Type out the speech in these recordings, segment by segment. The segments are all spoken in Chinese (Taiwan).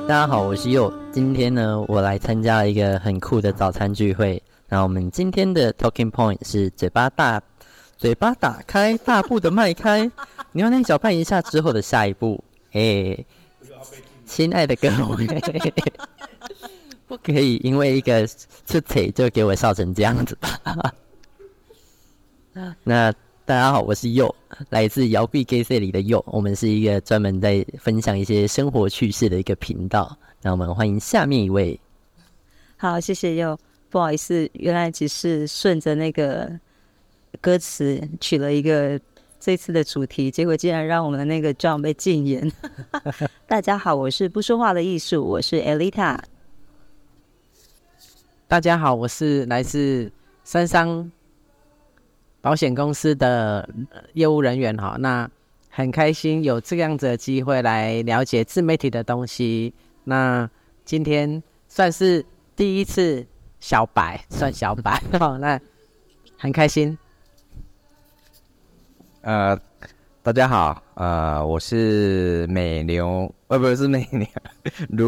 大家好，我是佑。今天呢，我來參加一個很酷的早餐聚會。那我們今天的 talking point 是嘴巴大，嘴巴打開，大步的邁開。牛奶攪拌一下之後的下一步，哎、欸，親愛的各位， 不可以因為一個出腿就給我笑成這樣子吧？ 那。大家好，我是佑，來自搖臂 K C 裡的佑。我們是一個專門在分享一些生活趣事的一個頻道。那我們歡迎下面一位。好，謝謝佑，不好意思，原來只是順着那個歌詞取了一個這次的主題，結果竟然讓我們的那個賬被禁言。 大家好，我是不說話的藝術，我是艾麗塔。大家好，我是來自山桑。保險公司的業務人員哈，那很開心有這樣子的機會來了解自媒體的東西。那今天算是第一次小白，算小白哈， 那很開心。呃，大家好，呃，我是美牛，呃，哦，不是美牛，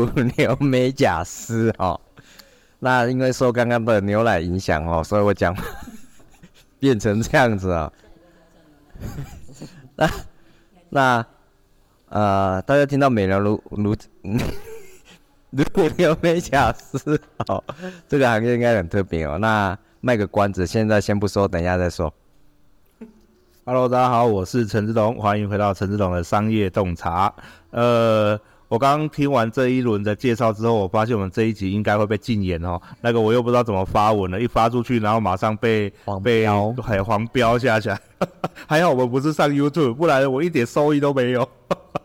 乳牛美甲師哦。那因為受剛剛的牛奶影響哦，所以我講。變成這樣子啊、喔， 那那呃，大家聽到美療、哦、如如、嗯、 如如流美甲師哦，這個行業應該很特別哦、喔。那賣個關子，現在先不說，等一下再說。Hello，大家好，我是陳執董，歡迎回到陳執董的商業洞察。呃。我剛聽完這一輪的介紹之後，我發現我們這一集應該會被禁言哦、喔。那個我又不知道怎麼發文了，一發出去，然後馬上被黃標，還黃標下去 還好我們不是上 YouTube，不然我一點收益都沒有。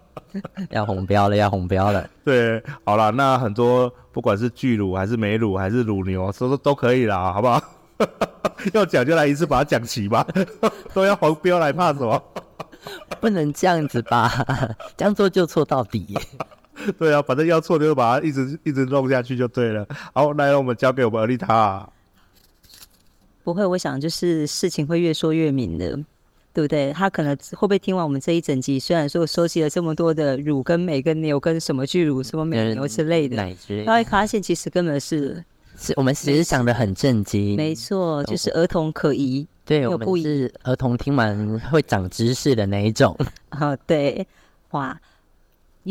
要紅標了，要紅標了。對，好了，那很多不管是巨乳還是美乳還是乳牛，說說都可以啦，好不好？要 講就來一次，把它講齊吧。 都要黃標來，怕什麼？ 不能這樣子吧？將 錯就錯到底。 對啊，反正要錯的就把它一直一直弄下去就對了。好，來、哦，我們交給我們阿麗塔。不會，我想就是事情會越說越明的，對不對？他可能會不會聽完我們這一整集？雖然說收集了這麼多的乳跟美跟牛跟什麼巨乳什麼美人牛之類的，他會發現其實根本是是我們只是講的很正經。沒錯，就是兒童可疑，哦、對故意我們是兒童聽完會長知識的那一種。啊、 哦，對，哇。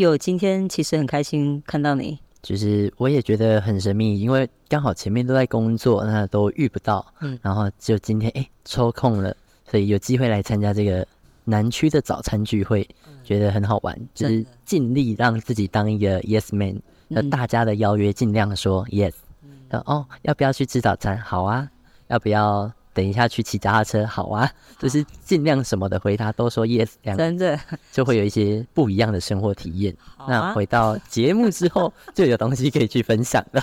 有今天其實很開心看到你，就是我也覺得很神秘，因為剛好前面都在工作，那都遇不到，嗯，然後就今天誒、欸，抽空了，所以有機會來參加這個南區的早餐聚會，嗯，覺得很好玩，就是盡力讓自己當一個 yes man，嗯，那大家的邀約盡量說 yes，嗯，哦，要不要去吃早餐？好啊，要不要？等一下去騎腳踏車，好啊，就是盡量什麼的回答，啊、都說 yes，這樣真的就會有一些不一樣的生活體驗。啊，那回到節目之後 就有東西可以去分享了。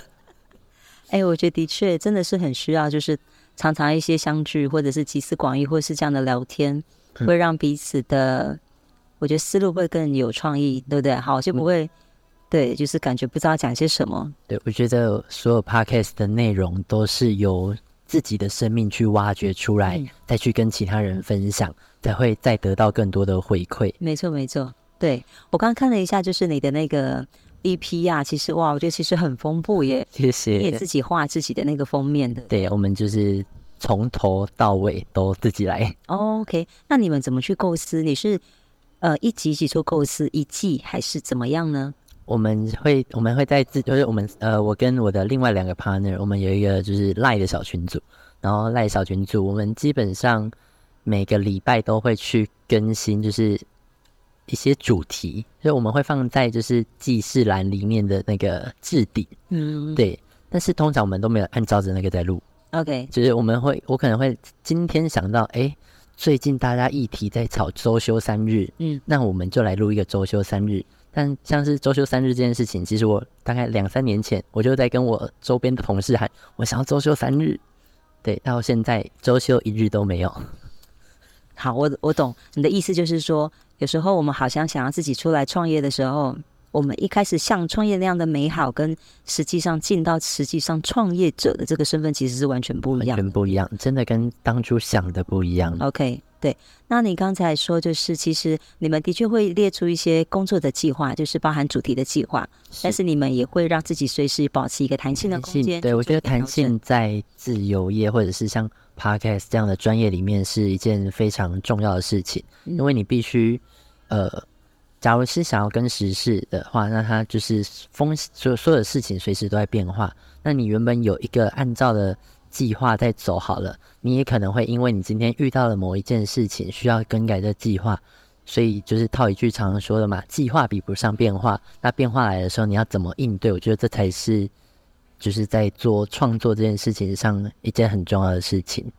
哎、欸，我覺得的確真的是很需要，就是常常一些相聚，或者是集思廣益，或者是這樣的聊天，會讓彼此的、嗯、我覺得思路會更有創意，對不對？好，就不會、嗯、對，就是感覺不知道講些什麼。對，我覺得所有 podcast 的內容都是由自己的生命去挖掘出來，嗯、再去跟其他人分享，才會再得到更多的回饋。沒錯，沒錯。對，我剛剛看了一下，就是你的那個 EP 呀、啊，其實哇，我覺得其實很豐富耶。謝謝。你也自己畫自己的那個封面的。對，我們就是從頭到尾都自己來。OK，那你們怎麼去構思？你是呃一集一集做構思，一季還是怎麼樣呢？我們會，我們會在自，就是我們，呃，我跟我的另外兩個 partner，我們有一個就是賴的小群組，然後賴小群組，我們基本上每個禮拜都會去更新，就是一些主題，所以我們會放在就是記事欄裡面的那個置頂，嗯，對。但是通常我們都沒有按照着那個在錄，OK，就是我們會，我可能會今天想到，哎，最近大家議題在吵周休三日，嗯，那我們就來錄一個周休三日。但像是週休三日這件事情，其實我大概兩三年前我就在跟我周邊的同事喊，我想要週休三日。對，到現在週休一日都沒有。好，我我懂你的意思，就是說有時候我們好像想要自己出來創業的時候。我們一開始像創業那樣的美好，跟實際上進到實際上創業者的這個身份，其實是完全不一樣。完全不一樣，真的跟當初想的不一樣。OK，對。那你剛才說，就是其實你們的確會列出一些工作的計劃，就是包含主題的計劃，是，但是你們也會讓自己隨時保持一個彈性的空間。對，就就我覺得彈性在自由業或者是像 Podcast 這樣的專業裡面是一件非常重要的事情，嗯，因為你必須，呃。假如是想要跟時事的話，那它就是風，所有所有事情隨時都在變化。那你原本有一個按照的計劃在走好了，你也可能會因為你今天遇到了某一件事情，需要更改這計劃。所以就是套一句常常說的嘛，計劃比不上變化。那變化來的時候，你要怎麼應對？我覺得這才是就是在做創作這件事情上一件很重要的事情。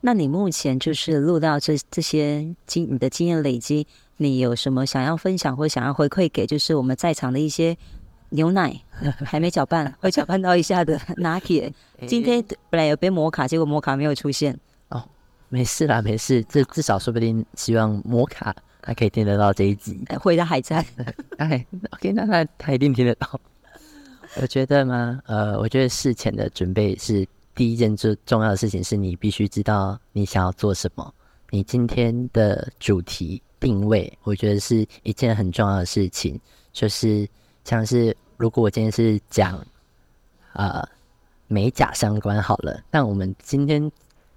那你目前就是錄到這些這些經你的經驗累積。你有什麼想要分享或想要回饋給，就是我們在場的一些牛奶 還沒攪拌，會攪拌到一下的拿鐵。 今天本來有杯摩卡，結果摩卡沒有出現哦，沒事啦，沒事，這至少說不定希望摩卡他可以聽得到這一集。會的還在， 哎，OK，那那他一定聽得到。我覺得嗎？ 呃，我覺得事前的準備是第一件最重要的事情，是你必須知道你想要做什麼，你今天的主題。定位，我覺得是一件很重要的事情，就是像是如果我今天是講，呃，美甲相關好了，但我們今天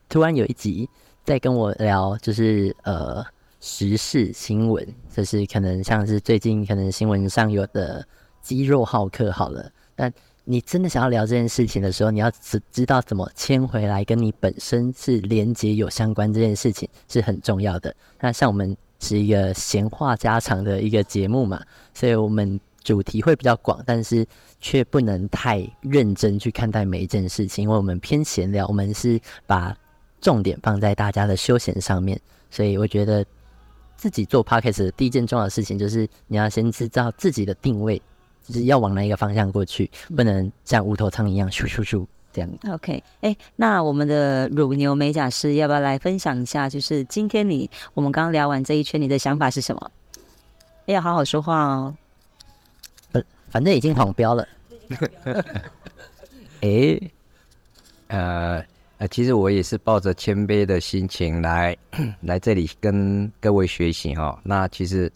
突然有一集在跟我聊，就是呃時事新聞，就是可能像是最近可能新聞上有的肌肉好客好了，那你真的想要聊這件事情的時候，你要知知道怎麼牽回來跟你本身是連接有相關這件事情是很重要的。那像我們。是一個閒話家常的一個節目嘛，所以我們主題會比較廣，但是卻不能太認真去看待每一件事情，因為我們偏閒聊，我們是把重點放在大家的休閒上面，所以我覺得自己做 podcast 的第一件重要的事情就是你要先知道自己的定位，就是要往哪一個方向過去，不能像無頭蒼蠅一樣，咻咻咻。這樣，OK，哎、欸，那我們的乳牛美甲師，要不要來分享一下？就是今天你我們剛聊完這一圈，你的想法是什麼？哎、欸、呀，好好說話哦！反正已經狂飆了。哎、 欸，呃呃，其實我也是抱着謙卑的心情來來這裡跟各位學習哈。那其實，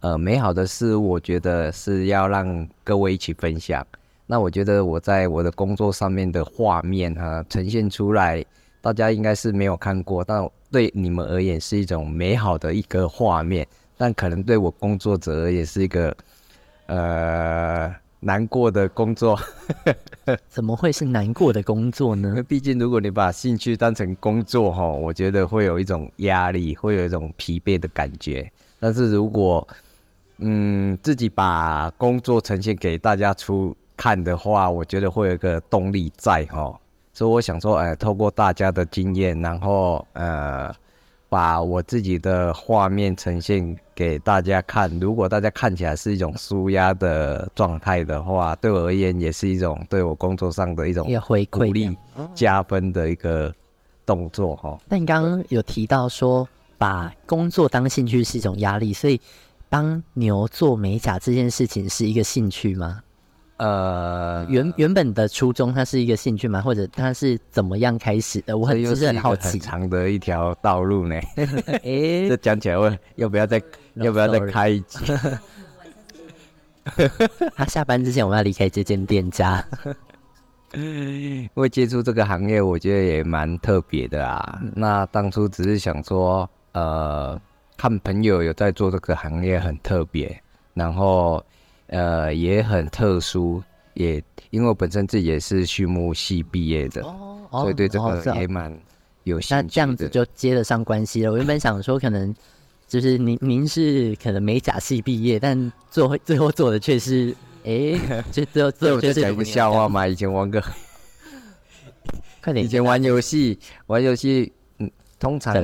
呃，美好的事，我覺得是要讓各位一起分享。那我覺得我在我的工作上面的畫面哈，呈現出來，大家應該是沒有看過，但對你們而言是一種美好的一個畫面，但可能對我工作者而也是一個呃難過的工作。 怎麼會是難過的工作呢？畢竟如果你把興趣當成工作哦，我覺得會有一種壓力，會有一種疲憊的感覺。但是如果嗯自己把工作呈現給大家出。看的話，我覺得會有一個動力在哦。所以我想說，哎、呃，透過大家的經驗，然後呃，把我自己的畫面呈現給大家看。如果大家看起來是一種舒壓的狀態的話，對我而言也是一種對我工作上的一種也會鼓勵加分的一個動作哈。齁但你剛剛有提到說，把工作當興趣是一種壓力，所以當牛做美甲這件事情是一個興趣嗎？呃，原原本的初衷，它是一個興趣嗎，或者它是怎麼樣開始的？我很就是很好奇。長的一條道路呢？哎，這講起來，問要不要再要 不要再開一集、 啊？他下班之前，我們要離開這間店家。 因為接觸這個行業，我覺得也蠻特別的啊。那當初只是想說，呃，看朋友有在做這個行業，很特別，然後。呃，也很特殊，也因為我本身自己也是畜牧系畢業的，所以對這個也蠻有興趣的。那這樣子就接得上關係了。我原本想說，可能就是您您是可能美甲系畢業，但最後，最後做的卻是，哎，這這這不笑話嘛？以前玩個，快點，以前玩遊戲，玩遊戲，嗯，通常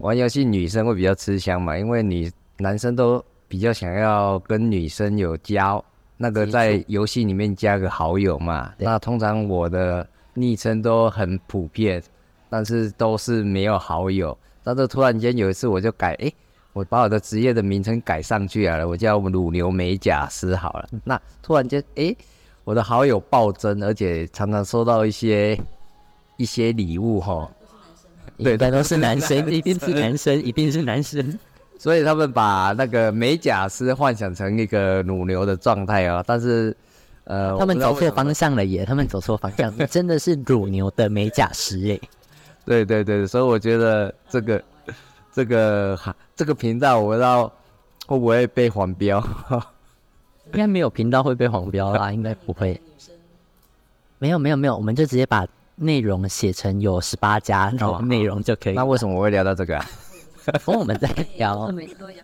玩遊戲女生會比較吃香嘛，因為你男生都。比較想要跟女生有交，那個在遊戲裡面加個好友嘛。錯那通常我的昵稱都很普遍，但是都是沒有好友。但是突然間有一次，我就改，哎、嗯欸，我把我的職業的名稱改上去來了，我叫“乳牛美甲師”好了。嗯、那突然間，哎、欸，我的好友暴增，而且常常收到一些一些禮物吼，對，但都是男生，一定是男生，一定是男生。 所以他們把那個美甲師幻想成一個乳牛的狀態啊，但是，呃，他們走錯方向了耶！ 他們走錯方向，真的是乳牛的美甲師耶。 對對對，所以我覺得這個這個哈這個頻道，我不知道會不會被黃標？ 應該沒有頻道會被黃標吧，啊，應該不會。 沒有沒有沒有，我們就直接把內容寫成有十八家，然後內容就可以，哦。那為什麼我會聊到這個？啊？跟我們在聊。每次都聊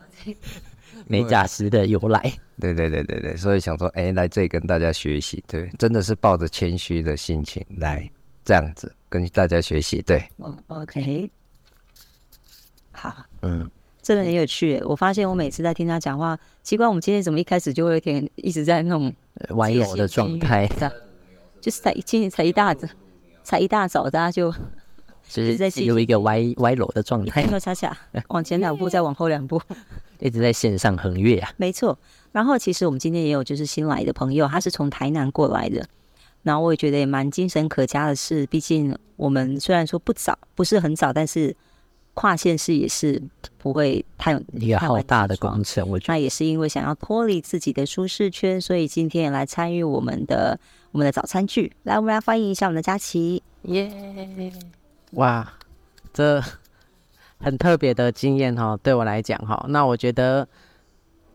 美甲師的由來。對對對對對，所以想說，哎，來這裡跟大家學習，對，真的是抱着謙虛的心情來這樣子跟大家學習，對。O K，好，嗯，真的很有趣。我發現我每次在聽他講話，奇怪，我們今天怎麼一開始就會有點一直在那種歪樓的狀態。就是在今天才一大早，才一大早大家就。就是有一個歪歪樓的狀態，在 往前兩步，再往後兩步， 一直在線上橫越啊。沒錯，然後其實我們今天也有就是新來的朋友，他是從台南過來的，然後我也覺得也蠻精神可嘉的是，畢竟我們雖然說不早，不是很早，但是跨縣市也是不會太有一個好大的工程。我覺得那也是因為想要脫離自己的舒適圈，所以今天也來參與我們的我們的早餐劇。來，我們來歡迎一下我們的佳琪，耶！Yeah. 哇，這很特別的經驗哈，對我來講哈，那我覺得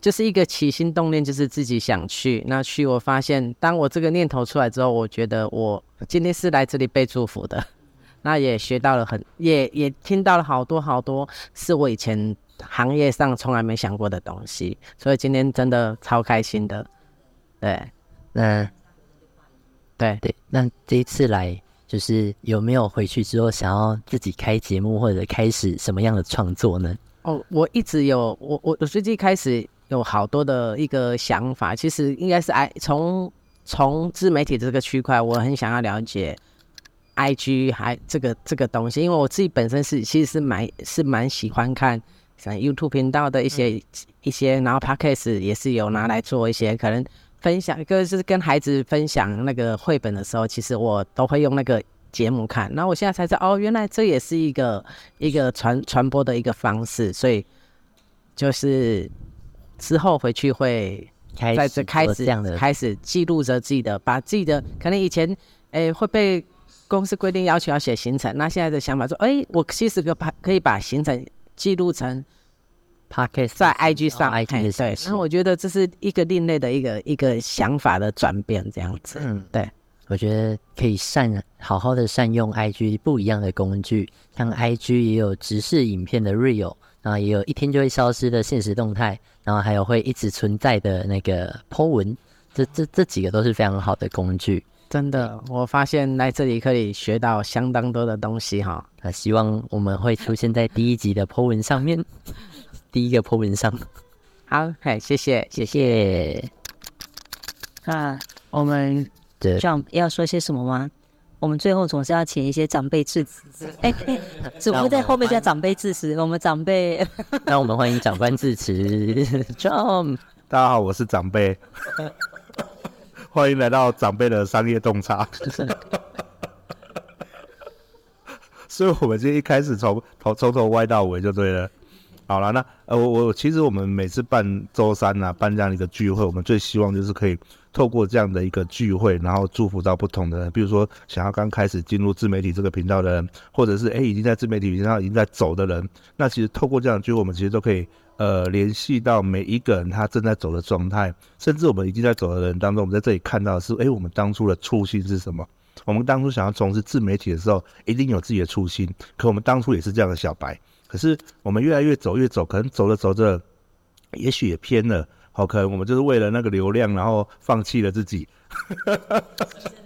就是一個起心動念，就是自己想去。那去我發現，當我這個念頭出來之後，我覺得我今天是來這裡被祝福的。那也學到了很，也也聽到了好多好多，是我以前行業上從來沒想過的東西。所以今天真的超開心的。對，嗯那，對對，那這一次來。就是有沒有回去之後想要自己開節目或者開始什麼樣的創作呢？哦，oh, 我一直有我我我最近開始有好多的一個想法，其實應該是 I 從從自媒體這個區塊，我很想要了解 IG 還這個這個東西，因為我自己本身是其實是蠻是蠻喜歡看像 YouTube 頻道的一些、嗯、一些，然後 Podcast 也是有拿來做一些可能。分享一個，就是跟孩子分享那個繪本的時候，其實我都會用那個節目看。然後我現在才知道，哦，原來這也是一個一個傳傳播的一個方式。所以就是之後回去會開始開始這樣子開始記錄着自己的，把自己的可能以前誒，會被公司規定要求要寫行程，那現在的想法說，哎，我其實可把可以把行程記錄成。p a r k e s, Podcast, 在 IG 上，哦、IG 對，然後我覺得這是一個另類的一個一個想法的轉變，這樣子，嗯，對，我覺得可以善好好的善用 IG 不一樣的工具，像 IG 也有直視影片的 Real 然後也有一天就會消失的現實動態，然後還有會一直存在的那個 po 文，這這這幾個都是非常好的工具，真的，我發現來這裡可以學到相當多的東西哈，那希望我們會出現在第一集的 po 文上面。 第一個破冰上，好，好，謝謝，謝謝。那、啊、我們對 John 要說些什麼嗎？我們最後總是要請一些長輩致辭。哎、 欸，總、欸、會在後面叫長輩致辭。我們長輩，那我們歡迎長官致辭。 John，John 大家好，我是長輩， 歡迎來到長輩的商業洞察。 所以，我們今天一開始從從從頭歪到尾就對了。好了，那呃，我我其實我們每次辦周三呢、啊，辦這樣一個聚會，我們最希望就是可以透過這樣的一個聚會，然後祝福到不同的人。比如說想要剛開始進入自媒體這個頻道的人，或者是誒，已經在自媒體頻道已經在走的人，那其實透過這樣的聚會，我們其實都可以呃聯繫到每一個人他正在走的狀態，甚至我們已經在走的人當中，我們在這裡看到的是誒，我們當初的初心是什麼？我們當初想要從事自媒體的時候，一定有自己的初心，可我們當初也是這樣的小白。可是我們越來越走越走，可能走着走着，也許也偏了。好，可能我們就是為了那個流量，然後放棄了自己，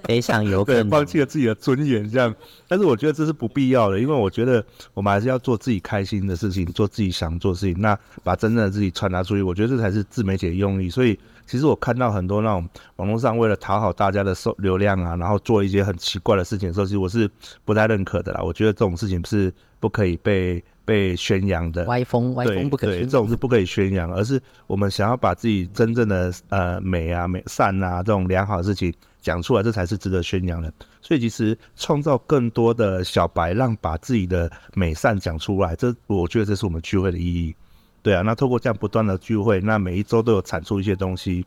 非常有可能， 對，放棄了自己的尊嚴這樣。但是我覺得這是不必要的，因為我覺得我們還是要做自己開心的事情，做自己想做的事情。那把真正的自己傳達出去，我覺得這才是自媒體的用意。所以，其實我看到很多那種網絡上為了討好大家的收流量啊，然後做一些很奇怪的事情的時候，其實我是不太認可的啦。我覺得這種事情是不可以被。被宣揚的歪風，歪風不可以。對，這種是不可以宣揚，而是我們想要把自己真正的呃美啊、美善啊這種良好的事情講出來，這才是值得宣揚的。所以，其實創造更多的小白，讓把自己的美善講出來，這我覺得這是我們聚會的意義。對啊，那透過這樣不斷的聚會，那每一周都有產出一些東西。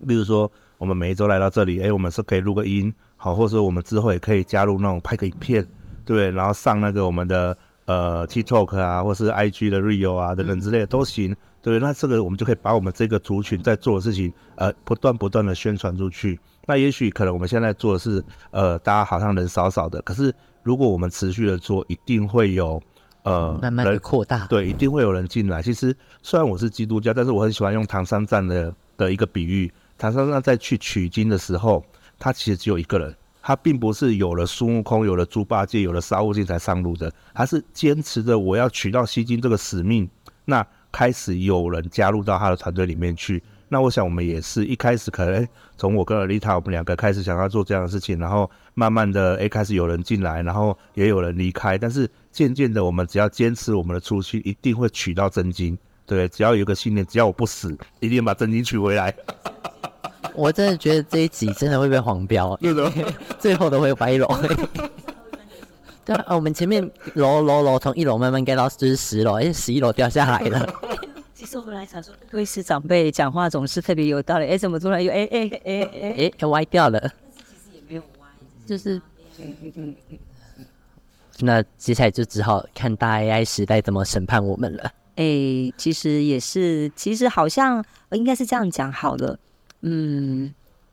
例如說，我們每一周來到這裡，哎，我們是可以錄個音，好，或者我們之後也可以加入那種拍個影片，對，然後上那個我們的。呃，TikTok 啊，或是 IG 的 Reels 啊，等等之類的都行。對，那這個我們就可以把我們這個族群在做的事情，呃，不斷不斷的宣傳出去。那也許可能我們現在做的是，呃，大家好像人少少的，可是如果我們持續的做，一定會有，呃，慢慢的擴大。對，一定會有人進來。其實雖然我是基督教，但是我很喜歡用唐三藏的的一個比喻，唐三藏在去取經的時候，他其實只有一個人。他並不是有了孫悟空、有了豬八戒、有了沙悟淨才上路的，他是堅持着我要取到西經這個使命。那開始有人加入到他的團隊裡面去。那我想我們也是一開始可能從我跟爾麗塔我們兩個開始想要做這樣的事情，然後慢慢的哎開始有人進來，然後也有人離開。但是漸漸的，我們只要堅持我們的初心，一定會取到真經。對，只要有一個信念，只要我不死，一定把真經取回來。 我真的覺得這一集真的會被黃標， 最後都會歪樓。 對啊，我們前面樓樓樓從一樓慢慢給到就是十樓，哎、欸，十一樓掉下來了。 其實我回來想說，各位是長輩，講話總是特別有道理。哎、欸，怎麼突然又哎哎哎哎，要、欸欸欸欸欸、歪掉了。其實也沒有歪就是。嗯嗯嗯嗯、那接下來就只好看大 AI 時代怎麼審判我們了。哎、欸，其實也是，其實好像應該是這樣講好了。嗯，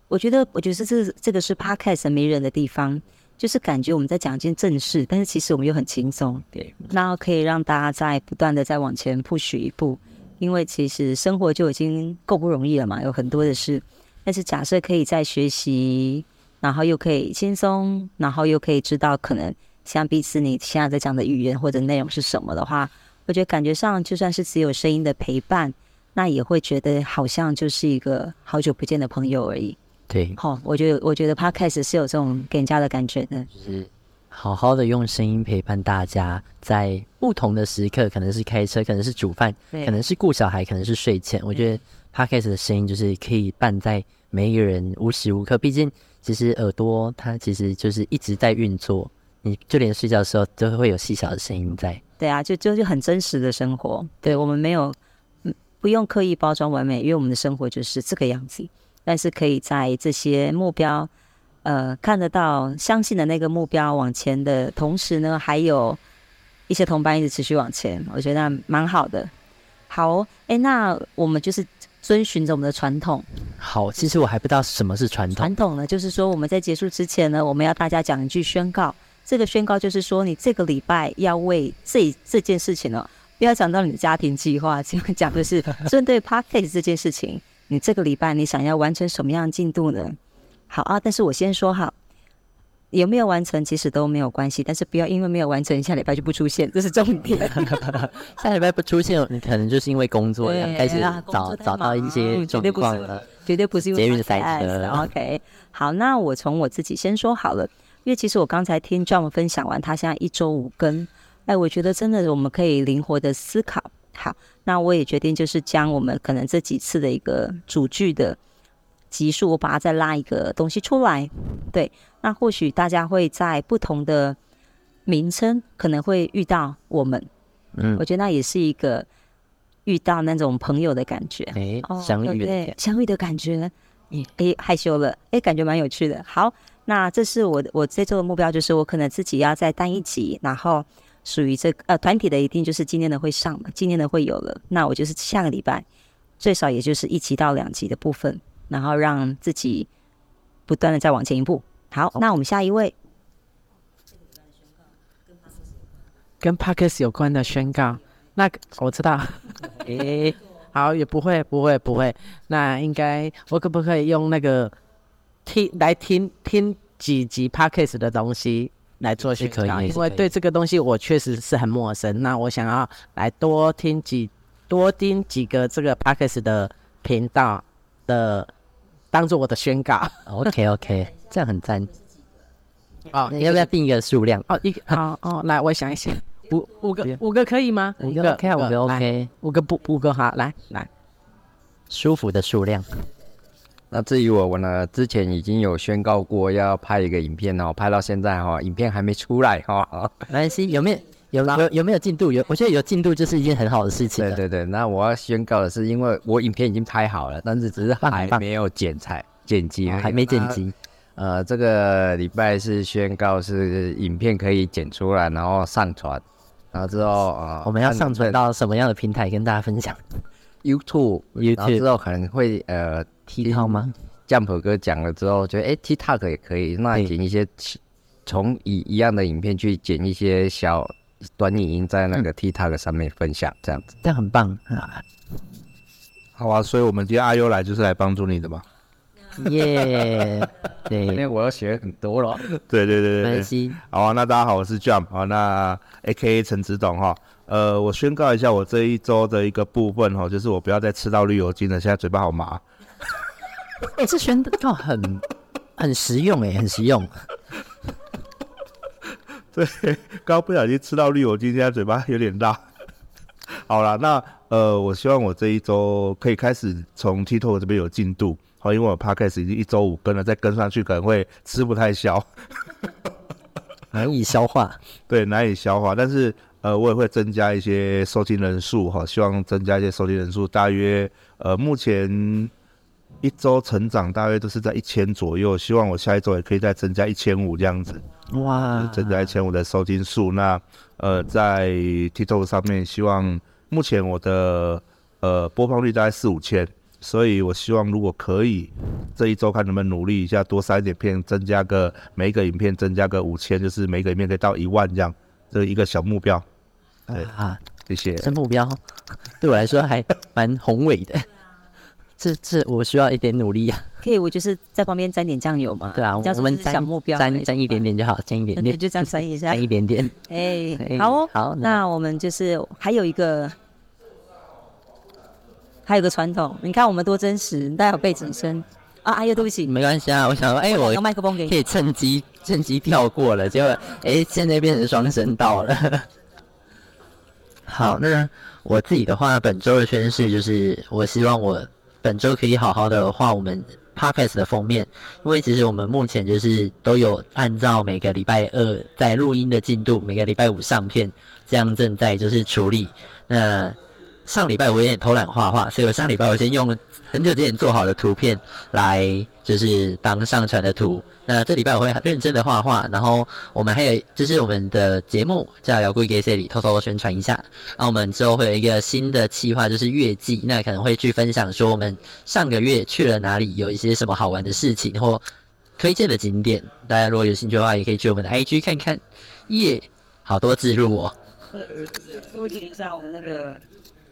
我覺得，我覺得這這個是 podcast 迷人的地方，就是感覺我們在講一件正事，但是其實我們又很輕鬆。對，然後可以讓大家再不斷的再往前 push 一步，因為其實生活就已經夠不容易了嘛，有很多的事，但是假設可以再學習，然後又可以輕鬆，然後又可以知道可能像彼此你現在在講的語言或者內容是什麼的話，我覺得感覺上就算是只有聲音的陪伴。那也會覺得好像就是一個好久不見的朋友而已。對，好，哦，我覺得我覺得 Podcast 是有這種給人家的感覺的，就是好好的用聲音陪伴大家，在不同的時刻，可能是開車，可能是煮飯，對可能是顧小孩，可能是睡前。我覺得 Podcast 的聲音就是可以伴在每一個人無時無刻，畢竟其實耳朵它其實就是一直在運作，你就連睡覺的時候都會有細小的聲音在。對啊，就就就很真實的生活。對，我們沒有。不用刻意包裝完美，因為我們的生活就是這個樣子。但是可以在這些目標，呃，看得到、相信的那個目標往前的同時呢，還有一些同伴一直持續往前，我覺得蠻好的。好，誒，那我們就是遵循着我們的傳統。好，其實我還不知道什麼是傳統。傳統呢，就是說我們在結束之前呢，我們要大家講一句宣告。這個宣告就是說，你這個禮拜要為這這件事情呢。不要講到你的家庭計劃，就講的是針對 podcast 這件事情，你這個禮拜你想要完成什麼樣的進度呢？好啊，但是我先說好，有沒有完成其實都沒有關係，但是不要因為沒有完成，你下禮拜就不出現，這是重點。 下禮拜不出現你可能就是因為工作然後開始找、啊、找到一些狀況了、嗯，絕對不是因為節日塞車。OK， 好，那我從我自己先說好了，因為其實我剛才聽 John 分享完，他現在一周五更。哎，我覺得真的，我們可以靈活的思考。好，那我也決定就是將我們可能這幾次的一個主句的集數，我把它再拉一個東西出來。對，那或許大家會在不同的名稱可能會遇到我們。嗯，我覺得那也是一個遇到那種朋友的感覺，哎、欸，相遇、哦，對，相遇的感覺。哎、欸欸，害羞了，哎、欸，感覺蠻有趣的。好，那這是我我這周的目標，就是我可能自己要再單一集，然後。屬於這呃團體的，一定就是今天的會上嘛，今天的會有了。那我就是下個禮拜，最少也就是一集到兩集的部分，然後讓自己不斷的再往前一步。好，好，那我們下一位。跟 Podcast 有關的宣告，那個、我知道。誒 欸，好，也不會，不會，不會。 那應該我可不可以用那個聽來聽聽幾集 Podcast 的東西？來做是可以，因為對這個東西我確實是很陌生。那我想要來多聽幾多聽幾個這個 podcast 的頻道的，當做我的宣告。OK OK，這樣很讚哦。你要不要定一個數量？哦，一好哦，來我想一想，五五個五個可以嗎？五個 OK，五個 OK，五個不五個好，來來，舒服的數量。那至於我，我呢，之前已經有宣告過要拍一個影片哦，然後拍到現在哈、喔，影片還沒出來哈。喔、沒關係，有沒有有有後有沒有進度？有，我覺得有進度就是一件很好的事情。對對對，那我要宣告的是，因為我影片已經拍好了，但是只是還沒有剪裁棒剪輯，還沒剪輯。呃，這個禮拜是宣告是影片可以剪出來，然後上傳，然後之後啊，我們要上傳到什麼樣的平台跟大家分享？YouTube，, YouTube。然後之後可能會呃 TikTok 嗎？Jump 哥講了之後，覺得哎、欸、，TikTok 也可以，那剪一些從一對一樣的影片，去剪一些小短影音，在那個、嗯、TikTok 上面分享，這樣子，這樣很棒很好啊！好啊，所以我們今天阿優來就是來幫助你的嘛。耶，Yeah, 對，因為我要學很多了。對對對對。心。 好啊，那大家好，我是 Jump 好、啊，那 AKA 陳執董哈。呃，我宣告一下，我這一周的一個部分哦，就是我不要再吃到綠油精了。現在嘴巴好麻。哎、欸，這宣告很很實用哎、欸，很實用。對，剛剛不小心吃到綠油精，現在嘴巴有點辣。好了，那呃，我希望我這一周可以開始從 TikTok 這邊有進度哦，因為我 Podcast 已經一周五更了，再跟上去可能會吃不太消，難以消化。對，難以消化，但是。呃，我也會增加一些收聽人數哈，希望增加一些收聽人數。大約，呃，目前一周成長大約都是在一千左右，希望我下一周也可以再增加一千五這樣子，哇，Wow. 增加一千五的收聽數。那，呃，在 TikTok 上面，希望目前我的呃播放率大概四五千，所以我希望如果可以，這一周看能不能努力一下，多篩點片，增加個每一個影片增加個五千，就是每個影片可以到一萬這樣，這一個小目標。對啊，謝謝。這目標對我來說還蠻宏偉的，這這我需要一點努力啊。可以，我就是在旁邊沾點醬油嘛。對啊，我們小目標沾沾一點點就好，沾一點點，就這樣沾一下，沾一點點。哎，好哦，好。那我們就是還有一個，還有一個傳統。你看我們多真實，大家有背景聲啊。哎呀，對不起，沒關係啊。我想說，哎，我用麥克風可以趁機趁機跳過了，結果哎，現在變成雙聲道了。好，那我自己的話，本週的宣誓就是，我希望我本週可以好好的畫我們 Podcast 的封面，因為其實我們目前就是都有按照每個禮拜二在錄音的進度，每個禮拜五上片，這樣正在就是處理。那上禮拜我有點偷懶畫畫，所以我上禮拜我先用了很久之前做好的圖片來就是當上傳的圖。呃，這禮拜我會很認真的畫畫，然後我們還有就是我們的節目叫聊貴給，這裡偷偷宣傳一下。那、啊、我們之後會有一個新的計劃，就是月記，那可能會去分享說我們上個月去了哪裡，有一些什麼好玩的事情或推薦的景點。大家如果有興趣的話，也可以去我們的 IG 看看。耶、yeah,，好多置入、哦、我。呃，我一下我們那個。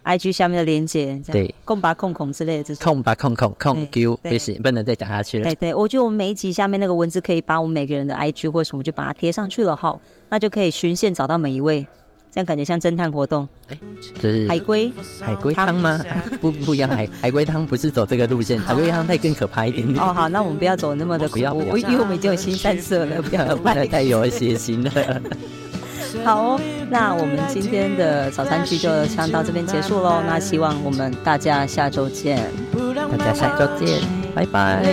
I G 下面的連接，對，空白空空之類的這空白空空空 Q，不行，不能再講下去了。對對，我覺得我們每一集下面那個文字，可以把我們每個人的 I G 或者什麼，就把它貼上去了哈，那就可以循線找到每一位，這樣感覺像偵探活動。哎，這是海龜海龜湯嗎？不不一樣，海海龜湯不是走這個路線，海龜湯再更可怕一點點。哦好，那我們不要走那麼的，不要，因為我們已經有新三色了，不要不要太有血腥了。好哦，那我們今天的早餐聚就先到這邊結束咯，那希望我們大家下周見，大家下周見，拜拜。